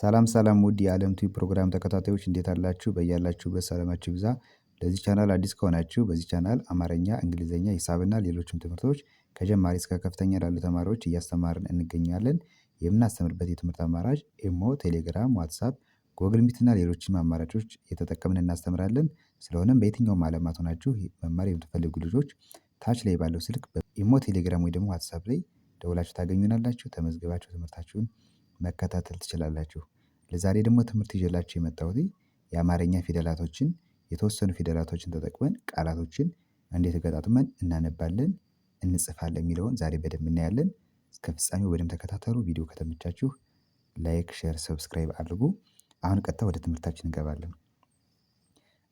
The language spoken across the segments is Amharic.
ሰላም ሰላም ውድ የዓለም ቲዩብ ፕሮግራም ተከታታዮች እንዴት አላችሁ? በያላችሁበት ሰላማችሁ ብዛ። ለዚህ ቻናል አዲስ ከሆናችሁ በዚህ ቻናል አማርኛ፣ እንግሊዝኛ፣ ሂሳብና ሌሎችም ትምህርቶች ከጀማሪ እስከ ከፍተኛ ላሉ ተማሪዎች እያስተማርን እንገኛለን። የምናስተምርበት የትምህርት አማራጭ ኢሞ፣ ቴሌግራም፣ ዋትሳፕ፣ ጎግል ሚትና ሌሎችም አማራጮች እየተጠቀምን እናስተምራለን። ስለሆነም በየትኛውም ዓለማት ሆናችሁ መማር የምትፈልጉ ልጆች ታች ላይ ባለው ስልክ ኢሞ፣ ቴሌግራም ወይ ደግሞ ዋትሳፕ ላይ ደውላችሁ ታገኙናላችሁ። ተመዝግባችሁ ትምህርታችሁን መከታተል ትችላላችሁ። ለዛሬ ደግሞ ትምህርት ይዤላችሁ የመጣሁት የአማርኛ ፊደላቶችን የተወሰኑ ፊደላቶችን ተጠቅመን ቃላቶችን እንዴት ገጣጥመን እናነባለን እንጽፋለን የሚለውን ዛሬ በደንብ እናያለን። እስከ ፍጻሜው በደንብ ተከታተሉ። ቪዲዮ ከተመቻችሁ ላይክ፣ ሼር፣ ሰብስክራይብ አድርጉ። አሁን ቀጥታ ወደ ትምህርታችን እንገባለን።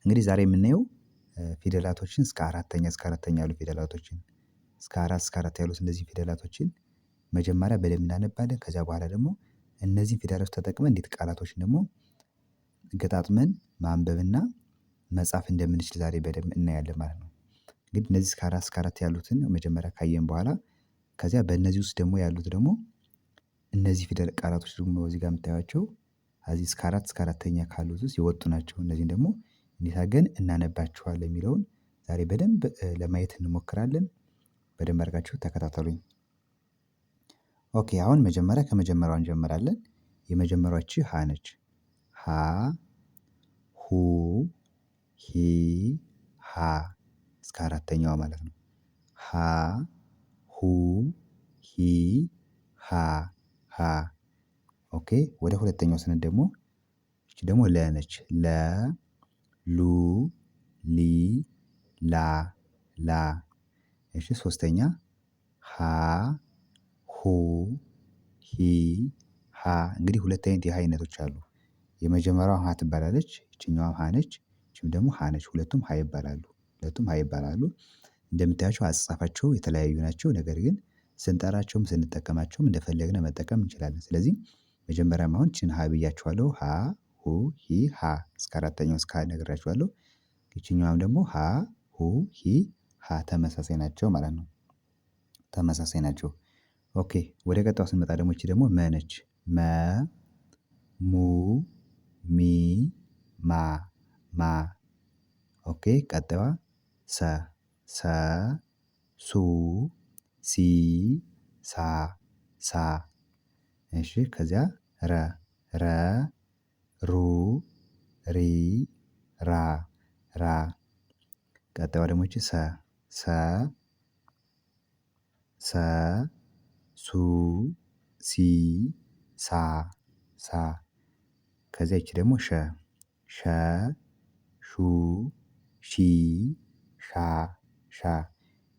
እንግዲህ ዛሬ የምናየው ፊደላቶችን እስከ አራተኛ እስከ አራተኛ ያሉ ፊደላቶችን እስከ አራት እስከ አራት ያሉት እነዚህ ፊደላቶችን መጀመሪያ በደንብ እናነባለን። ከዚያ በኋላ ደግሞ እነዚህን ፊደሎች ተጠቅመን እንዴት ቃላቶችን ደግሞ ገጣጥመን ማንበብና መጻፍ እንደምንችል ዛሬ በደንብ እናያለን ማለት ነው። እንግዲህ እነዚህ እስከ አራት እስከ አራት ያሉትን መጀመሪያ ካየን በኋላ ከዚያ በእነዚህ ውስጥ ደግሞ ያሉት ደግሞ እነዚህ ፊደል ቃላቶች ደግሞ እዚህ ጋር የምታዩዋቸው ከዚህ እስከ አራት እስከ አራተኛ ካሉት ውስጥ የወጡ ናቸው። እነዚህን ደግሞ እንዴት አድርገን እናነባቸዋለን የሚለውን ዛሬ በደንብ ለማየት እንሞክራለን። በደንብ አድርጋችሁ ተከታተሉኝ ኦኬ አሁን መጀመሪያ ከመጀመሪያው እንጀምራለን የመጀመሪያው ሀ ነች። ሀ ሁ ሂ ሀ እስከ አራተኛዋ ማለት ነው። ሀ ሁ ሂ ሃ ሃ ኦኬ ወደ ሁለተኛው ስንሄድ ደግሞ እች ደግሞ ለ ነች። ለ ሉ ሊ ላ ላ እሺ ሶስተኛ ሀ ሁ ሂ ሃ እንግዲህ ሁለት አይነት የሃ አይነቶች አሉ። የመጀመሪያዋ ሃ ትባላለች ይችኛዋም ሃ ነች ይቺም ደግሞ ሃ ነች ሁለቱም ሃ ይባላሉ ሁለቱም ሃ ይባላሉ። እንደምታያቸው አጻጻፋቸው የተለያዩ ናቸው ነገር ግን ስንጠራቸውም ስንጠቀማቸውም እንደፈለግነ መጠቀም እንችላለን። ስለዚህ መጀመሪያም አሁን ችን ሃ ብያችኋለሁ ሃ ሁ ሂ ሀ እስከ አራተኛው እስከ ሃ ነግሬያችኋለሁ። ደግሞ ሃ ሁ ሂ ሃ ተመሳሳይ ናቸው ማለት ነው። ተመሳሳይ ናቸው ኦኬ ወደ ቀጣው ስንመጣ ደግሞ ይቺ ደግሞ መ ነች። መ ሙ ሚ ማ ማ። ኦኬ ቀጣዋ ሰ ሰ ሱ ሲ ሳ ሳ። እሺ ከዚያ ረ ረ ሩ ሪ ራ ራ። ቀጣዋ ደግሞ ይቺ ሰ ሰ ሰ ሱ ሲ ሳ ሳ ከዚያ ይቺ ደግሞ ሸ ሸ ሹ ሺ ሻ ሻ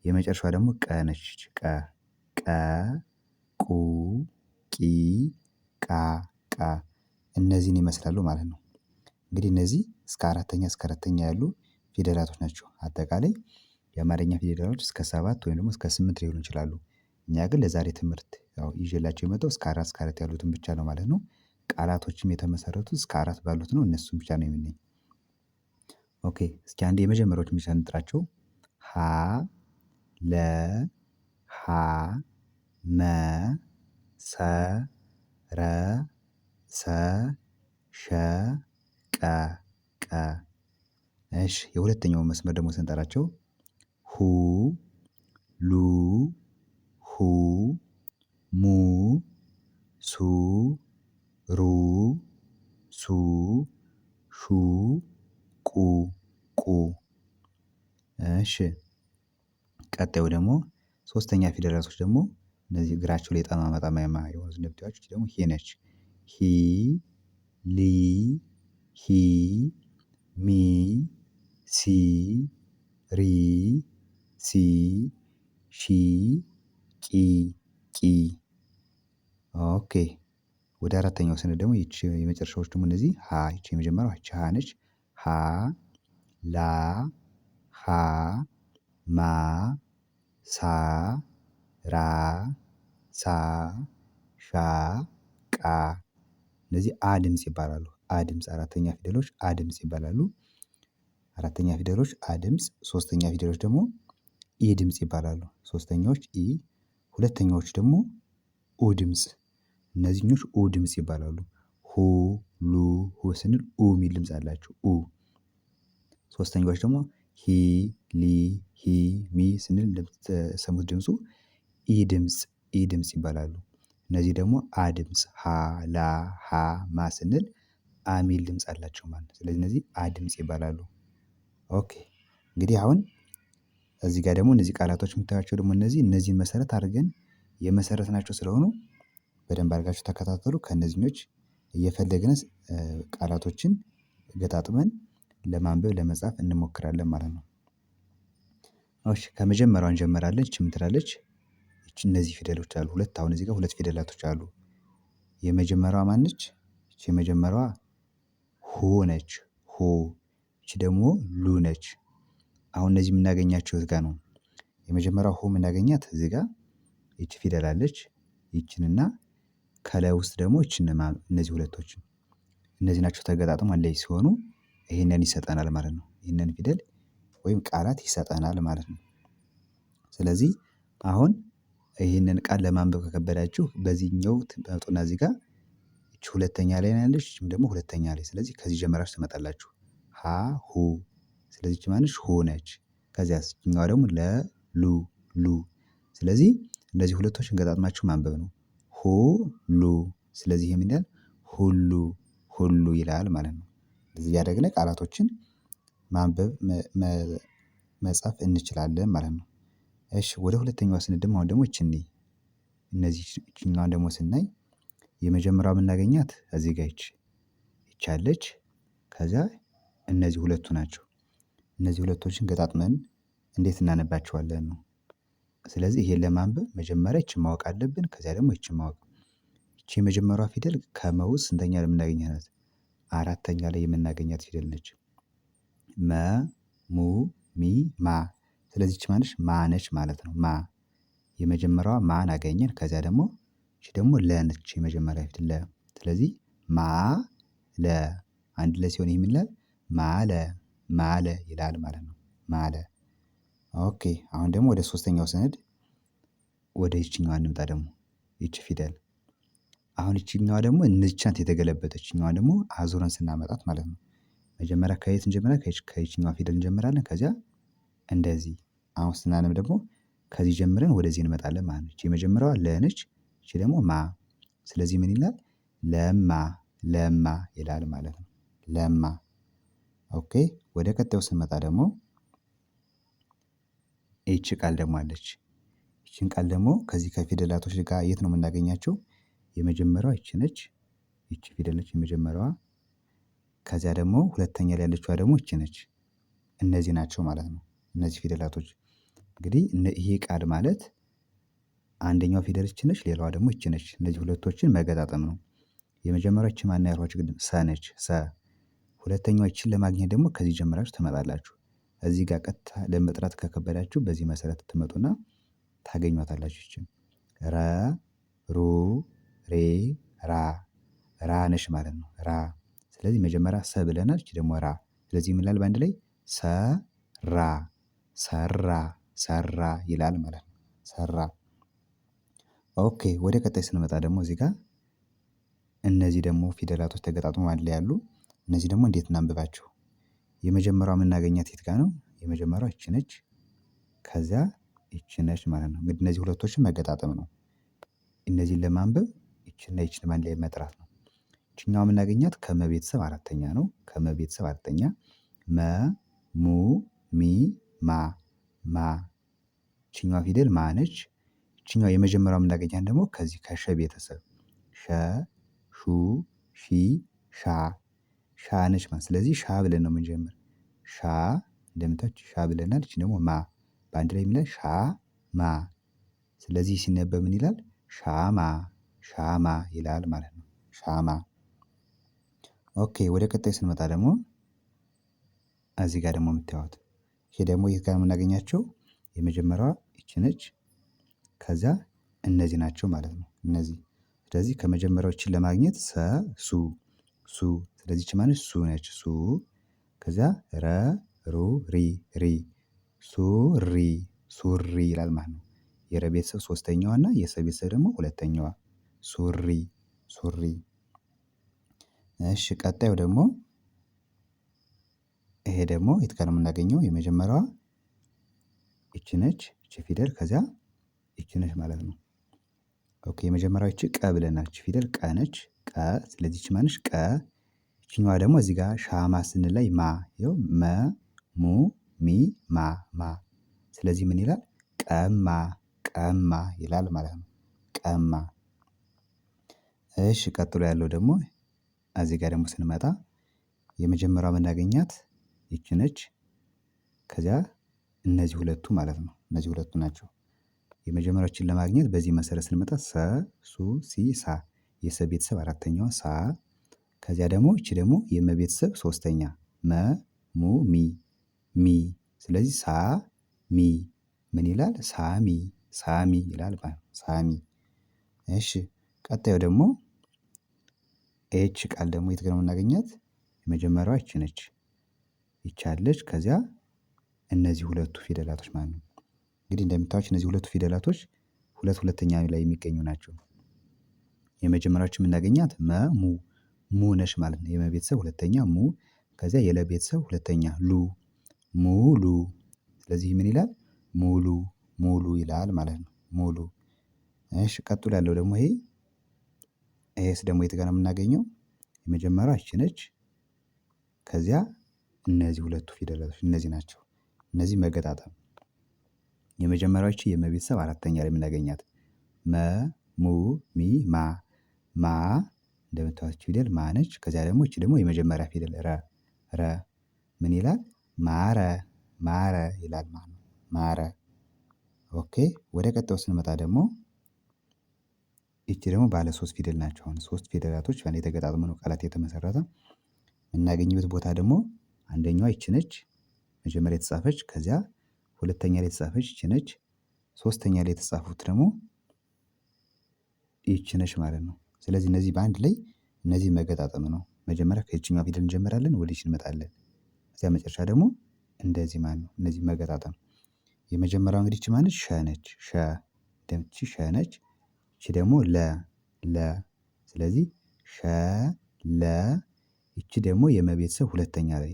የመጨረሻዋ ደግሞ ቀ ነች ቀ ቀ ቁ ቂ ቃ ቃ እነዚህን ይመስላሉ ማለት ነው። እንግዲህ እነዚህ እስከ አራተኛ እስከ አራተኛ ያሉ ፊደላቶች ናቸው። አጠቃላይ የአማርኛ ፊደላቶች እስከ ሰባት ወይም ደግሞ እስከ ስምንት ሊሆኑ ይችላሉ እኛ ግን ለዛሬ ትምህርት ያው ይዤላችሁ የመጣው እስከ አራት እስከ አራት ያሉትን ብቻ ነው ማለት ነው። ቃላቶችም የተመሰረቱት እስከ አራት ባሉት ነው እነሱን ብቻ ነው የምናይ። ኦኬ እስኪ አንድ የመጀመሪያዎች ብቻ እንጥራቸው። ሀ ለ ሀ መ ሰ ረ ሰ ሸ ቀ ቀ እሺ የሁለተኛው መስመር ደግሞ ስንጠራቸው ሁ ሉ ሁ ሙ ሱ ሩ ሱ ሹ ቁ ቁ እሺ ቀጣዩ ደግሞ ሶስተኛ ፊደላቶች ደግሞ እነዚህ እግራቸው ላይ ጠማማ ጠማማ የሆኑ ዝንባሌዎች ደግሞ ሄ ነች ሂ ሊ ሂ ሚ ሲ ሪ ሲ ሺ ቂ ቂ ኦኬ ወደ አራተኛው ሰነድ ደግሞ ይቺ የመጨረሻዎች ደግሞ እነዚህ ሀ ይቺ የመጀመሪያው ይቺ ሀ ነች ሀ ላ ሀ ማ ሳ ራ ሳ ሻ ቃ እነዚህ አ ድምፅ ይባላሉ አ ድምፅ አራተኛ ፊደሎች አ ድምፅ ይባላሉ። አራተኛ ፊደሎች አ ድምፅ፣ ሶስተኛ ፊደሎች ደግሞ ኢ ድምጽ ይባላሉ ሶስተኛዎች ሁለተኛዎች ደግሞ ኡ ድምፅ እነዚህኞች ኡ ድምጽ ይባላሉ። ሁ ሉ ሁ ስንል ኡ የሚል ድምፅ አላቸው ኡ። ሶስተኛዎች ደግሞ ሂ ሊ ሂ ሚ ስንል ሰሙት ድምፁ ኢ ድምፅ ኢ ድምፅ ይባላሉ። እነዚህ ደግሞ አ ድምፅ ሀ ላ ሀ ማ ስንል አ ድምፅ ድምጽ አላቸው ማለት ስለዚህ እነዚህ አ ድምፅ ይባላሉ። ኦኬ እንግዲህ አሁን እዚህ ጋር ደግሞ እነዚህ ቃላቶች የምታያቸው ደግሞ እነዚህ እነዚህን መሰረት አድርገን የመሰረት ናቸው ስለሆኑ በደንብ አድርጋችሁ ተከታተሉ። ከእነዚህኞች እየፈለግን ቃላቶችን ገጣጥመን ለማንበብ ለመጻፍ እንሞክራለን ማለት ነው። እሺ ከመጀመሪያው እንጀምራለን። እቺ ምትላለች እነዚህ ፊደሎች አሉ ሁለት አሁን እዚህ ጋር ሁለት ፊደላቶች አሉ። የመጀመሪያዋ ማነች? እቺ የመጀመሪያዋ ሁ ነች። ሁ እቺ ደግሞ ሉ ነች። አሁን እነዚህ የምናገኛቸው እዚህ ጋር ነው። የመጀመሪያው ሆ የምናገኛት እዚህ ጋር ይቺ ፊደል አለች ይችንና ከላይ ውስጥ ደግሞ ይችን እነዚህ ሁለቶችን እነዚህ ናቸው ተገጣጥሞ አለች ሲሆኑ ይሄንን ይሰጠናል ማለት ነው። ይሄንን ፊደል ወይም ቃላት ይሰጠናል ማለት ነው። ስለዚህ አሁን ይህንን ቃል ለማንበብ ከከበዳችሁ በዚህኛው ትመጡና እዚህ ጋር ይቺ ሁለተኛ ላይ ያለች ደግሞ ሁለተኛ ላይ ስለዚህ ከዚህ ጀመራችሁ ትመጣላችሁ። ሀ ሁ ስለዚህ ይቺ ማነች ሁ ነች። ከዚያስ ደግሞ ለሉ ሉ ስለዚህ እነዚህ ሁለቶችን ገጣጥማችሁ ማንበብ ነው። ሁ ሉ። ስለዚህ ይሄ ምን ሁሉ ሁሉ ይላል ማለት ነው። እንደዚህ ያደግነ ቃላቶችን ማንበብ መጻፍ እንችላለን ማለት ነው። እሺ ወደ ሁለተኛዋ ስንሄድ ደግሞ አሁን ደግሞ ይቺን እንይ። እነዚህ ይቺኛዋን ደግሞ ስናይ የመጀመሪያው የምናገኛት እዚህ ጋር ይቺ ይቻለች አለች። ከዛ እነዚህ ሁለቱ ናቸው እነዚህ ሁለቶችን ገጣጥመን እንዴት እናነባቸዋለን ነው። ስለዚህ ይሄን ለማንበብ መጀመሪያ ይችን ማወቅ አለብን። ከዚያ ደግሞ ይችን ማወቅ ይቺ የመጀመሪያ ፊደል ከመ ስንተኛ ላይ የምናገኛት ናት? አራተኛ ላይ የምናገኛት ፊደል ነች። መ ሙ ሚ ማ ስለዚህ ይቺ ማነች ማ ነች ማለት ነው። ማ የመጀመሪያዋ ማን አገኘን። ከዚያ ደግሞ ይቺ ደግሞ ለነች የመጀመሪያ ፊደል ለ። ስለዚህ ማ ለ አንድ ላይ ሲሆን ይህ ምን ይላል? ለ ማለ ይላል ማለት ነው። ማለ ኦኬ አሁን ደግሞ ወደ ሶስተኛው ሰነድ ወደ ይችኛዋ እንምጣ ደግሞ ይች ፊደል አሁን ይችኛዋ ደግሞ እንቻንት ናት የተገለበጠች ደግሞ አዙረን ስናመጣት ማለት ነው። መጀመሪያ ከየት እንጀምራለን ከይችኛዋ ፊደል እንጀምራለን ከዚያ እንደዚህ አሁን ስናነብ ደግሞ ከዚህ ጀምረን ወደዚህ እንመጣለን ማለት ነው። የመጀመሪያዋ ለ ይቺ ደግሞ ማ ስለዚህ ምን ይላል ለማ ለማ ይላል ማለት ነው። ለማ ኦኬ ወደ ቀጣዩ ስንመጣ ደግሞ ኤች ቃል ደግሞ አለች። ይችን ቃል ደግሞ ከዚህ ከፊደላቶች ጋር የት ነው የምናገኛቸው? የመጀመሪያዋ ይች ነች። ይች ፊደል ነች የመጀመሪያዋ። ከዚያ ደግሞ ሁለተኛ ላይ ያለችዋ ደግሞ ይች ነች። እነዚህ ናቸው ማለት ነው። እነዚህ ፊደላቶች እንግዲህ ይሄ ቃል ማለት አንደኛው ፊደል ይች ነች፣ ሌላዋ ደግሞ ይች ነች። እነዚህ ሁለቶችን መገጣጠም ነው። የመጀመሪያችን ማና ያልኋቸው ግድም ሰ ነች። ሰ ሁለተኛዎችን ለማግኘት ደግሞ ከዚህ ጀምራችሁ ትመጣላችሁ እዚህ ጋር ቀጥታ ለመጥራት ከከበዳችሁ በዚህ መሰረት ትመጡና ታገኟታላችሁ ይችም ረ ሩ ሬ ራ ራ ነሽ ማለት ነው። ራ ስለዚህ መጀመሪያ ሰ ብለናል እቺ ደግሞ ራ ስለዚህ ምላል በአንድ ላይ ሰ ራ ሰራ ሰራ ይላል ማለት ነው። ሰራ ኦኬ። ወደ ቀጣይ ስንመጣ ደግሞ እዚህ ጋር እነዚህ ደግሞ ፊደላቶች ተገጣጥሞ አንድ ላይ ያሉ እነዚህ ደግሞ እንዴት እናንብባቸው? የመጀመሪያው የምናገኛት የት ጋ ነው የመጀመሪያው ይቺ ነች። ከዛ ይቺ ነች ማለት ነው እንግዲህ እነዚህ ሁለቶችን መገጣጠም ነው። እነዚህን ለማንበብ እችና ይቺን በአንድ ላይ መጥራት ነው። እችኛው የምናገኛት ከመቤተሰብ አራተኛ ነው ከመቤተሰብ አራተኛ መ ሙ ሚ ማ ማ ይቺኛዋ ፊደል ማ ነች። ይቺኛዋ የመጀመሪያዋ የምናገኛት ደግሞ ከዚህ ከሸ ቤተሰብ ሸ ሹ ሺ ሻ ሻ ነች ማለት ስለዚህ ሻ ብለን ነው የምንጀምር። ሻ እንደምታች ሻ ብለናል እች ደግሞ ማ በአንድ ላይ የሚለን ሻ ማ ስለዚህ ሲነበብ ምን ይላል? ሻማ ሻማ ይላል ማለት ነው። ሻማ ኦኬ ወደ ቀጣይ ስንመጣ ደግሞ እዚህ ጋር ደግሞ የምታዩት ይሄ ደግሞ ይህ ጋር የምናገኛቸው የመጀመሪያዋ ይቺ ነች። ከዛ እነዚህ ናቸው ማለት ነው። እነዚህ ስለዚህ ከመጀመሪያዎችን ለማግኘት ሰ ሱ ሱ ስለዚህ ይቺ ማለት ሱ ነች። ሱ ከዚያ ረ ሩ ሪ ሪ ሱሪ ሱሪ ይላል ማለት ነው። የረ ቤተሰብ ሶስተኛዋ እና የሰ ቤተሰብ ደግሞ ሁለተኛዋ ሱሪ ሱሪ። እሺ ቀጣዩ ደግሞ ይሄ ደግሞ የት ጋር ነው የምናገኘው? የመጀመሪያዋ ይቺ ነች ይቺ ፊደል ከዚያ ይቺ ነች ማለት ነው። ኦኬ የመጀመሪያው ይቺ ቀ ብለናል። ይቺ ፊደል ቀ ነች። ቀ ስለዚህ ይቺ ማነች? ቀ ይቺኛዋ ደግሞ እዚህ ጋ ሻማ ስንለይ ማ ይኸው መ ሙ ሚ ማ ማ ስለዚህ ምን ይላል ቀማ ቀማ ይላል ማለት ነው። ቀማ እሺ ቀጥሎ ያለው ደግሞ እዚህ ጋ ደግሞ ስንመጣ የመጀመሪያው የምናገኛት ይቺ ነች። ከዚያ እነዚህ ሁለቱ ማለት ነው እነዚህ ሁለቱ ናቸው። የመጀመሪያዎችን ለማግኘት በዚህ መሰረት ስንመጣ ሰ ሱ ሲ ሳ የሰ ቤተሰብ አራተኛዋ ሳ ከዚያ ደግሞ እቺ ደግሞ የመቤተሰብ ሶስተኛ መ ሙ ሚ ሚ ስለዚህ ሳ ሚ ምን ይላል? ሳሚ ሳሚ ይላል። ሳሚ እሺ። ቀጣዩ ደግሞ ኤች ቃል ደግሞ የት ነው የምናገኛት? የመጀመሪያዋ ይቺ ነች። ይቻለች ከዚያ እነዚህ ሁለቱ ፊደላቶች ማለት ነው። እንግዲህ እንደምታዩት እነዚህ ሁለቱ ፊደላቶች ሁለት ሁለተኛ ላይ የሚገኙ ናቸው። የመጀመሪያዎች የምናገኛት መሙ ሙ ነሽ ማለት ነው። የመቤተሰብ ሁለተኛ ሙ ከዚያ የለ ሁለተኛ ሉ ሙሉ። ስለዚህ ምን ይላል? ሙሉ ሙሉ ይላል ማለት ነው። ሙሉ። እሺ ቀጥሎ ያለው ደግሞ ይሄ ይሄስ ደግሞ የት ጋር ነው የምናገኘው? የመጀመሪያ እች ነች። ከዚያ እነዚህ ሁለቱ ፊደላቶች እነዚህ ናቸው። እነዚህ መገጣጠም የመጀመሪያዎቹ የመ አራተኛ ላይ የምናገኛት መ ሙ ሚ ማ ማ እንደምታዩት ፊደል ማነች። ከዚያ ደግሞ እች ደግሞ የመጀመሪያ ፊደል ረ ረ ምን ይላል? ማረ ማረ ይላል ማለት ነው። ማረ ኦኬ። ወደ ቀጣው ስንመጣ ደግሞ ይቺ ደግሞ ባለ ሶስት ፊደል ናቸው። አሁን ሶስት ፊደላቶች በአንድ የተገጣጠሙ ነው ቃላት የተመሰረተ የምናገኝበት ቦታ ደግሞ አንደኛዋ ይቺ ነች፣ መጀመሪያ የተጻፈች ከዚያ ሁለተኛ ላይ የተጻፈች ይቺ ነች፣ ሶስተኛ ላይ የተጻፉት ደግሞ ይች ነች ማለት ነው። ስለዚህ እነዚህ በአንድ ላይ እነዚህ መገጣጠም ነው። መጀመሪያ ከየትኛዋ ፊደል እንጀምራለን ወደዚች እንመጣለን። እዚያ መጨረሻ ደግሞ እንደዚህ ማለት ነው። እነዚህ መገጣጠም የመጀመሪያው እንግዲህ ች ማለት ሸ ነች ሸ ደምቺ ሸ ነች። ይቺ ደግሞ ለ ለ ስለዚህ ሸ ለ ይቺ ደግሞ የመቤተሰብ ሁለተኛ ላይ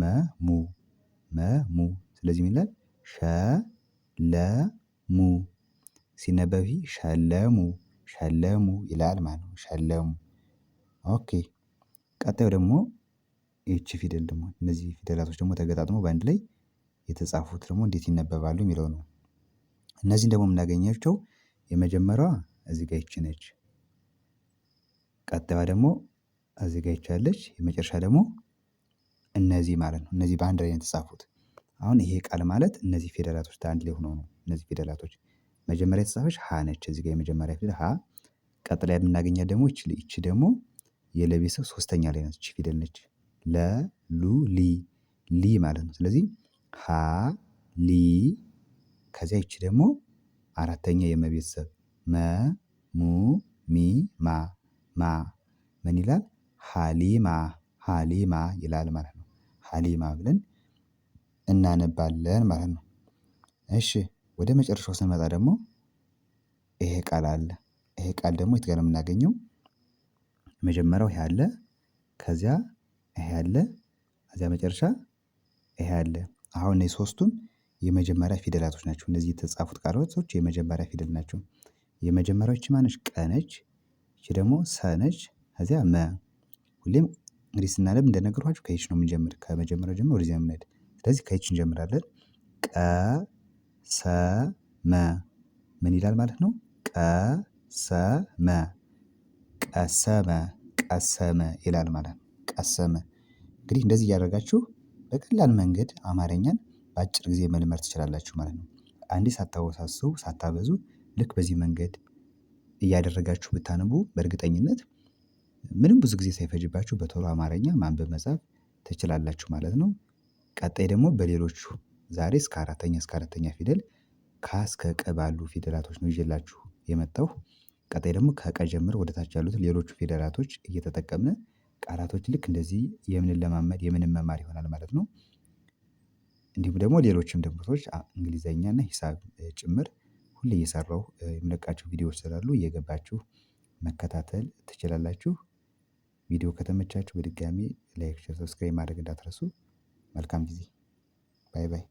መ ሙ መ ሙ ስለዚህ ሚላል ሸ ለ ሙ ሲነበብ ሸለሙ ሸለሙ ይላል ማለት ነው። ሸለሙ ኦኬ ቀጣዩ ደግሞ ይቺ ፊደል ደግሞ እነዚህ ፊደላቶች ደግሞ ተገጣጥሞ በአንድ ላይ የተጻፉት ደግሞ እንዴት ይነበባሉ የሚለው ነው። እነዚህን ደግሞ የምናገኛቸው የመጀመሪያዋ እዚህ ጋር ይች ነች። ቀጣዩ ደግሞ እዚህ ጋር ይቻለች። የመጨረሻ ደግሞ እነዚህ ማለት ነው እነዚህ በአንድ ላይ ነው የተጻፉት። አሁን ይሄ ቃል ማለት እነዚህ ፊደላቶች አንድ ላይ ሆኖ ነው እነዚህ ፊደላቶች መጀመሪያ የተጻፈች ሀ ነች እዚህ ጋር የመጀመሪያ ፊደል ሀ። ቀጥላ የምናገኛት ደግሞ ይቺ ይቺ ደግሞ የለቤተሰብ ሶስተኛ ላይ ነች ፊደል ነች። ለ ሉ ሊ ሊ ማለት ነው። ስለዚህ ሀ ሊ ከዚያ ይቺ ደግሞ አራተኛ የመቤተሰብ መ ሙ ሚ ማ ማ ምን ይላል? ሀሊማ ሀሊማ ይላል ማለት ነው። ሀሊማ ብለን እናነባለን ማለት ነው። እሺ ወደ መጨረሻው ስንመጣ ደግሞ ይሄ ቃል አለ ይሄ ቃል ደግሞ የት ጋር የምናገኘው? መጀመሪያው ይሄ አለ ከዚያ ይሄ አለ ከዚያ መጨረሻ ይሄ አለ አሁን እነዚህ ሶስቱም የመጀመሪያ ፊደላቶች ናቸው። እነዚህ የተጻፉት ቃላቶች የመጀመሪያ ፊደል ናቸው። የመጀመሪያዎች ማነች? ቀነች። ነች። ይቺ ደግሞ ሰነች። ከዚያ መ ሁሌም እንግዲህ ስናለብ እንደነገርኋቸው ከይች ነው የምንጀምር ከመጀመሪያው ጀምሮ ወደዚያ የምንሄድ። ስለዚህ ከይች እንጀምራለን ቀ ሰመ ምን ይላል ማለት ነው። ቀሰመ ቀሰመ ቀሰመ ይላል ማለት ነው። ቀሰመ እንግዲህ እንደዚህ እያደረጋችሁ በቀላል መንገድ አማርኛን በአጭር ጊዜ መልመድ ትችላላችሁ ማለት ነው። አንዴ ሳታወሳስቡ ሳታበዙ ልክ በዚህ መንገድ እያደረጋችሁ ብታነቡ በእርግጠኝነት ምንም ብዙ ጊዜ ሳይፈጅባችሁ በቶሎ አማርኛ ማንበብ መጻፍ ትችላላችሁ ማለት ነው። ቀጣይ ደግሞ በሌሎቹ ዛሬ እስከ አራተኛ እስከ አራተኛ ፊደል ከ እስከ ቀ ባሉ ፊደላቶች ነው ይዤላችሁ የመጣሁ። ቀጣይ ደግሞ ከቀ ጀምር ወደ ታች ያሉትን ሌሎቹ ፊደላቶች እየተጠቀምን ቃላቶች ልክ እንደዚህ የምንለማመድ የምንመማር ይሆናል ማለት ነው። እንዲሁም ደግሞ ሌሎችም ትምህርቶች እንግሊዘኛ እና ሂሳብ ጭምር ሁሌ እየሰራሁ የምለቃቸው ቪዲዮዎች ስላሉ እየገባችሁ መከታተል ትችላላችሁ። ቪዲዮ ከተመቻችሁ በድጋሚ ላይክ ሼር ሰብስክራይብ ማድረግ እንዳትረሱ። መልካም ጊዜ። ባይ ባይ